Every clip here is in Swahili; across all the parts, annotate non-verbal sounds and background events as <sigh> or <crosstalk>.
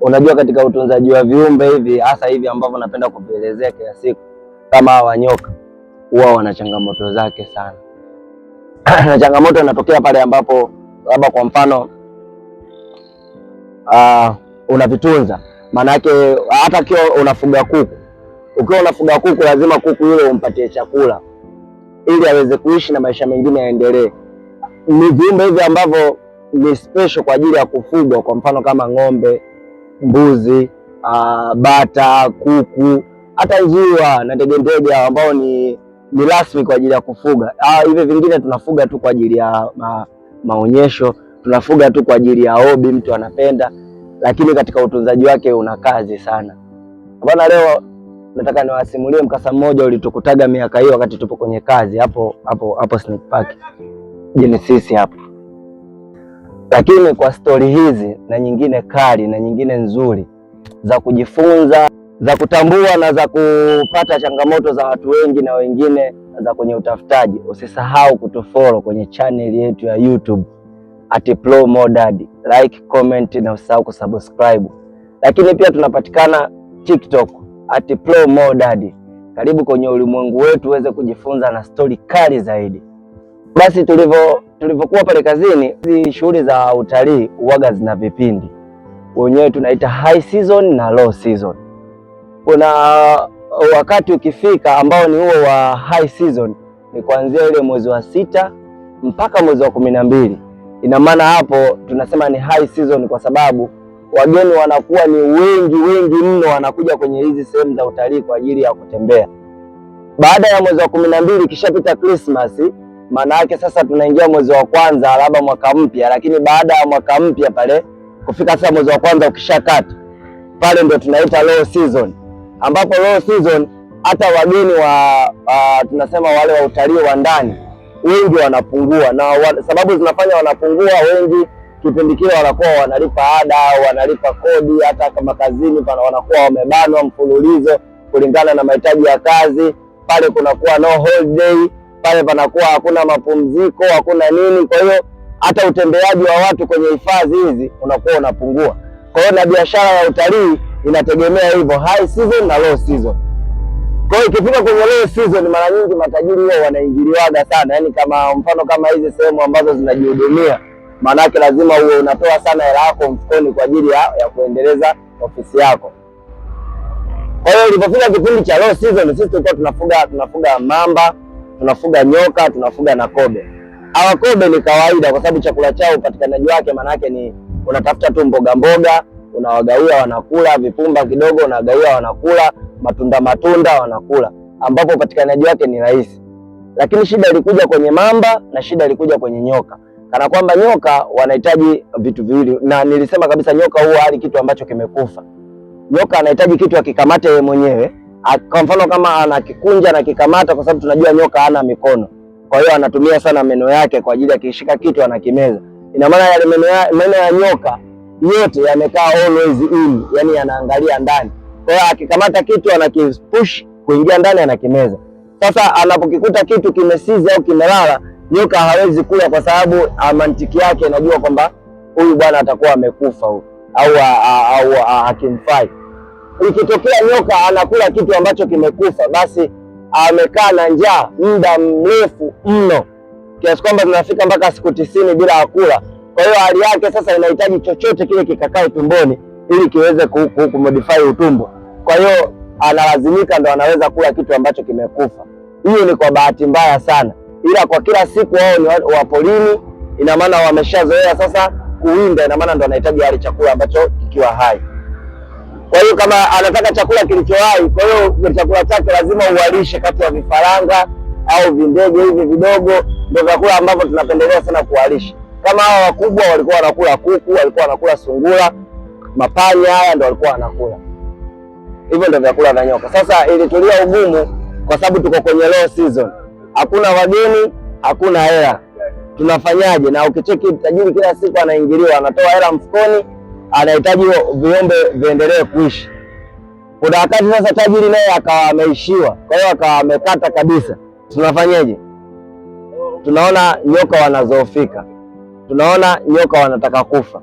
Unajua, katika utunzaji wa viumbe hivi hasa hivi ambavyo napenda kuvielezea kila siku, kama hawa nyoka huwa wana changamoto zake sana <clears throat> na changamoto inatokea pale ambapo labda kwa mfano uh, unavitunza yake hata kiwa unafuga kuku, ukiwa unafuga kuku lazima kuku yule umpatie chakula ili aweze kuishi na maisha mengine yaendelee. Ni viumbe hivi ambavyo ni special kwa ajili ya kufugwa, kwa mfano kama ng'ombe mbuzi, uh, bata, kuku, hata njiwa na ndegendege ndege ambao ni ni rasmi kwa ajili ya kufuga. Ah, hivi vingine tunafuga tu kwa ajili ya ma, maonyesho, tunafuga tu kwa ajili ya hobi, mtu anapenda, lakini katika utunzaji wake una kazi sana. Bwana, leo nataka niwasimulie mkasa mmoja ulitukutaga miaka hiyo wakati tupo kwenye kazi hapo hapo hapo Snake Park Genesis hapo. Lakini kwa stori hizi na nyingine kali na nyingine nzuri za kujifunza, za kutambua na za kupata changamoto za watu wengi na wengine za kwenye utafutaji, usisahau kutufollow kwenye channel yetu ya YouTube at Pro Modad, like, comment na usisahau kusubscribe. Lakini pia tunapatikana TikTok at Pro Modad. Karibu kwenye ulimwengu wetu uweze kujifunza na stori kali zaidi. Basi tulivyo tulivyokuwa pale kazini, hizi shughuli za utalii uwaga zina vipindi wenyewe tunaita high season na low season. Kuna uh, wakati ukifika ambao ni huo wa high season, ni kuanzia ile mwezi wa sita mpaka mwezi wa kumi na mbili. Ina maana hapo tunasema ni high season kwa sababu wageni wanakuwa ni wengi wengi mno, wanakuja kwenye hizi sehemu za utalii kwa ajili ya kutembea. Baada ya mwezi wa kumi na mbili, ikishapita Christmas, maana yake sasa tunaingia mwezi wa kwanza, labda mwaka mpya. Lakini baada ya mwaka mpya pale kufika sasa mwezi wa kwanza ukishakata pale, ndio tunaita low season, ambapo low season hata wageni wa uh, tunasema wale wa utalii wa ndani wengi wanapungua, na wa, sababu zinafanya wanapungua wengi kipindi kile wanakuwa wanalipa ada wanalipa kodi, hata kama kazini pana wanakuwa wamebanwa mfululizo kulingana na mahitaji ya kazi. Pale kunakuwa no holiday, pale panakuwa hakuna mapumziko, hakuna nini. Kwa hiyo hata utembeaji wa watu kwenye hifadhi hizi unakuwa unapungua. Kwa hiyo na biashara ya utalii inategemea hivyo, high season na low season. Kwa hiyo ikifika kwenye low season, mara nyingi matajiri huwa wanaingiliwaga sana, yaani kama mfano kama hizi sehemu ambazo zinajihudumia, maanake lazima uwe unatoa sana hela yako mfukoni kwa ajili ya, ya kuendeleza ofisi yako. Kwa hiyo ilipofika kipindi cha low season, sisi tulikuwa tunafuga tunafuga mamba tunafuga nyoka, tunafuga na kobe. Hawa kobe ni kawaida kwa sababu chakula chao upatikanaji wake manake ni unatafuta tu mboga mboga, unawagawia wanakula, vipumba kidogo unawagawia wanakula, matunda matunda wanakula, ambapo upatikanaji wake ni rahisi. Lakini shida ilikuja kwenye mamba na shida ilikuja kwenye nyoka, kana kwamba nyoka wanahitaji vitu viwili, na nilisema kabisa nyoka huwa hali kitu ambacho kimekufa. Nyoka anahitaji kitu akikamate yeye mwenyewe Ah, kwa mfano kama anakikunja kikamata, kwa sababu tunajua nyoka hana mikono, kwa hiyo anatumia sana meno yake kwa ajili ya kishika kitu anakimeza. Ina maana yale meno ya, meno ya nyoka yote yamekaa always in, yani yanaangalia ndani. Kwa hiyo akikamata kitu anakipush kuingia ndani anakimeza. Sasa anapokikuta kitu kimesiza au kimelala, nyoka hawezi kula kwa sababu ah, mantiki yake inajua kwamba huyu bwana atakuwa amekufa au ah, akimfai ikitokea nyoka anakula kitu ambacho kimekufa, basi amekaa na njaa muda mrefu mno kiasi kwamba tunafika mpaka siku tisini bila kula. Kwa hiyo hali yake sasa inahitaji chochote kile kikakae tumboni ili kiweze kumodify utumbo. Kwa hiyo analazimika ndo anaweza kula kitu ambacho kimekufa. Hiyo ni kwa bahati mbaya sana, ila kwa kila siku wao ni wa porini, ina maana wameshazoea sasa kuwinda, ina maana ndo anahitaji hali chakula ambacho kikiwa hai. Kwa hiyo kama anataka chakula kilichowahi, kwa hiyo chakula chake lazima uwalishe kati ya vifaranga au vindege hivi vidogo, ndio vyakula ambavyo tunapendelea sana kuwalisha. Kama hawa wakubwa walikuwa wanakula kuku, walikuwa wanakula sungura, mapanya, haya ndio walikuwa wanakula. Hivyo ndio vyakula vya nyoka. Sasa ilitulia ugumu kwa sababu tuko kwenye low season, hakuna wageni, hakuna hela, tunafanyaje? Na ukicheki tajiri kila siku anaingiliwa, anatoa hela mfukoni anahitaji viumbe viendelee kuishi. Kuna wakati sasa tajiri naye akawa ameishiwa, kwa hiyo akawa amekata kabisa. Tunafanyeje? Tunaona nyoka wanazofika, tunaona nyoka wanataka kufa,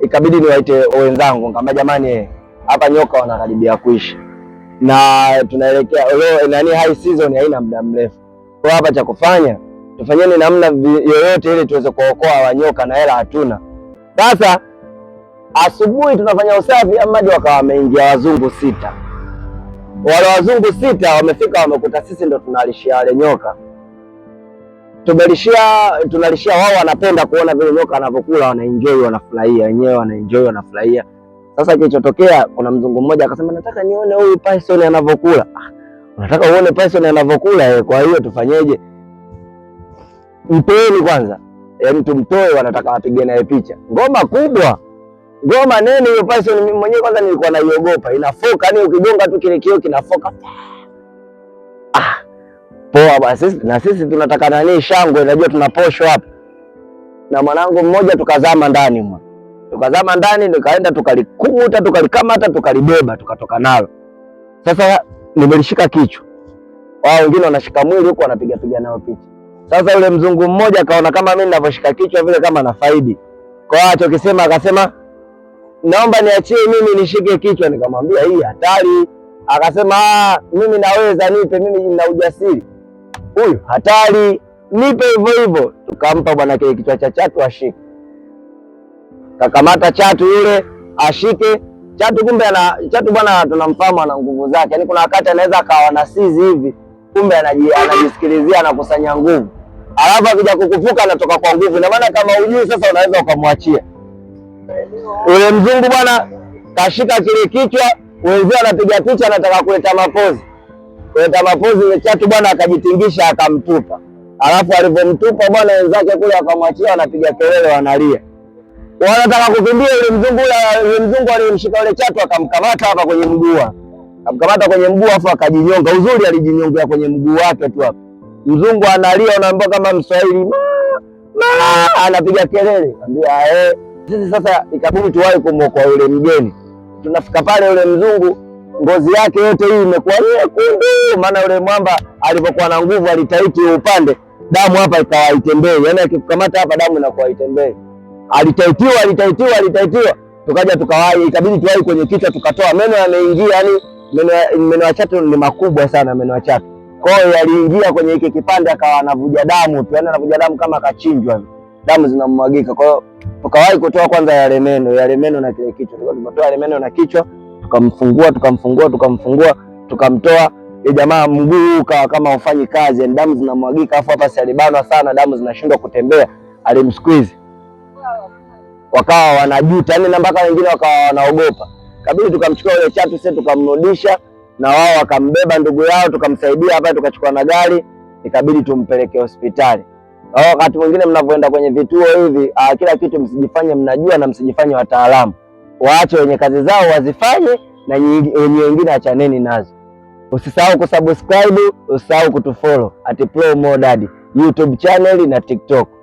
ikabidi niwaite wenzangu kama jamani, eh, hapa nyoka wanakaribia kuishi na tunaelekea leo, nani, high season haina muda mrefu. Kwa hapa cha kufanya tufanyeni namna yoyote ile tuweze kuokoa wanyoka, na hela hatuna sasa asubuhi tunafanya usafi, amadi wakawa wameingia wazungu sita. Wale wazungu sita wamefika, wamekuta sisi ndo tunalishia wale nyoka, tumelishia tunalishia wao. Wanapenda kuona vile nyoka anavyokula, wanaenjoy, wanafurahia wenyewe, wanaenjoy, wanafurahia. Sasa kilichotokea, kuna mzungu mmoja akasema, nataka nione huyu python anavyokula. Ah, Unataka uone python anavyokula eh? Kwa hiyo tufanyeje? Mpeni kwanza, yaani tumtoe, wanataka wapige naye picha. Ngoma kubwa. Ngoma nene hiyo person mimi mwenyewe kwanza nilikuwa naiogopa. Inafoka, yani ukigonga tu kile kio kinafoka. Ah. Poa basi, na sisi tunataka nani shangwe, najua tunaposhwa hapa. Na mwanangu mmoja tukazama ndani mwa. Tukazama ndani nikaenda tukalikuta, tukalikamata, tukalibeba, tukatoka nalo. Sasa nimelishika kichwa. Wao wengine wanashika mwili huko wanapiga piga nao picha. Sasa yule mzungu mmoja akaona kama mimi ninavyoshika kichwa vile kama nafaidi. Kwa hiyo akisema akasema naomba niachie mimi nishike kichwa. Nikamwambia hii hatari. Akasema ah, mimi naweza, nipe mimi, nina ujasiri. Huyu hatari, nipe hivyo hivyo. Tukampa bwana kile kichwa cha chatu ashike. Kakamata chatu yule ashike chatu. Kumbe ana chatu bwana, tunamfahamu ana nguvu zake, yaani kuna wakati anaweza akawa na sizi hivi, kumbe anajisikilizia, anakusanya nguvu, alafu akija kukufuka anatoka kwa nguvu. Na maana kama ujui sasa, unaweza ukamwachia Ule mzungu bwana kashika kile kichwa, wenzio anapiga picha, anataka kuleta mapozi, kuleta mapozi ile chatu bwana, akajitingisha akamtupa. Alafu alivyomtupa bwana, wenzake kule akamwachia, anapiga kelele, wanalia, wanataka kukimbia. Yule mzungu yule mzungu aliyemshika yule chatu akamkamata hapa kwenye mguu, akamkamata kwenye mguu, afu akajinyonga. Uzuri alijinyongea kwenye mguu wake tu hapa. Mzungu analia, unaambia kama Mswahili, ma, ma, anapiga kelele, anambia eh hey sisi sasa ikabidi tuwahi kumwokoa yule mgeni. Tunafika pale, yule mzungu ngozi yake yote hii imekuwa nyekundu, maana yule mwamba alipokuwa na nguvu alitaiti upande, damu hapa ikawa haitembei, yaani akikukamata hapa damu inakuwa haitembei. Alitaitiwa, alitaitiwa, alitaitiwa, tukaja tukawahi, ikabidi tuwahi kwenye kichwa, tukatoa meno yameingia, yani meno meno ya chatu ni makubwa sana, meno ya chatu. Kwa hiyo aliingia kwenye hiki kipande, akawa anavuja damu tu, yani anavuja damu kama akachinjwa hivi damu zinamwagika. Kwa hiyo tukawahi kutoa kwanza yale meno, yale meno na kile kichwa, tulikuwa tumetoa meno na kichwa, tukamfungua tukamfungua tukamfungua tukamtoa ile jamaa mguu ukawa kama ufanyi kazi, yani damu zinamwagika, afu hapa si alibanwa sana, damu zinashindwa kutembea, alimsqueeze wakawa wanajuta, yani na mpaka wengine wakawa wanaogopa. Kabidi tukamchukua yule chatu sasa, tukamrudisha na wao wakambeba ndugu yao, tukamsaidia hapa, tukachukua na gari, ikabidi tumpeleke hospitali. Wakati mwingine mnavyoenda kwenye vituo hivi, ah, kila kitu msijifanye mnajua na msijifanye wataalamu, waache wenye kazi zao wazifanye na wenye wengine achaneni nazo. Usisahau kusubscribe, usisahau kutufollow at Pro Mo YouTube channel na TikTok.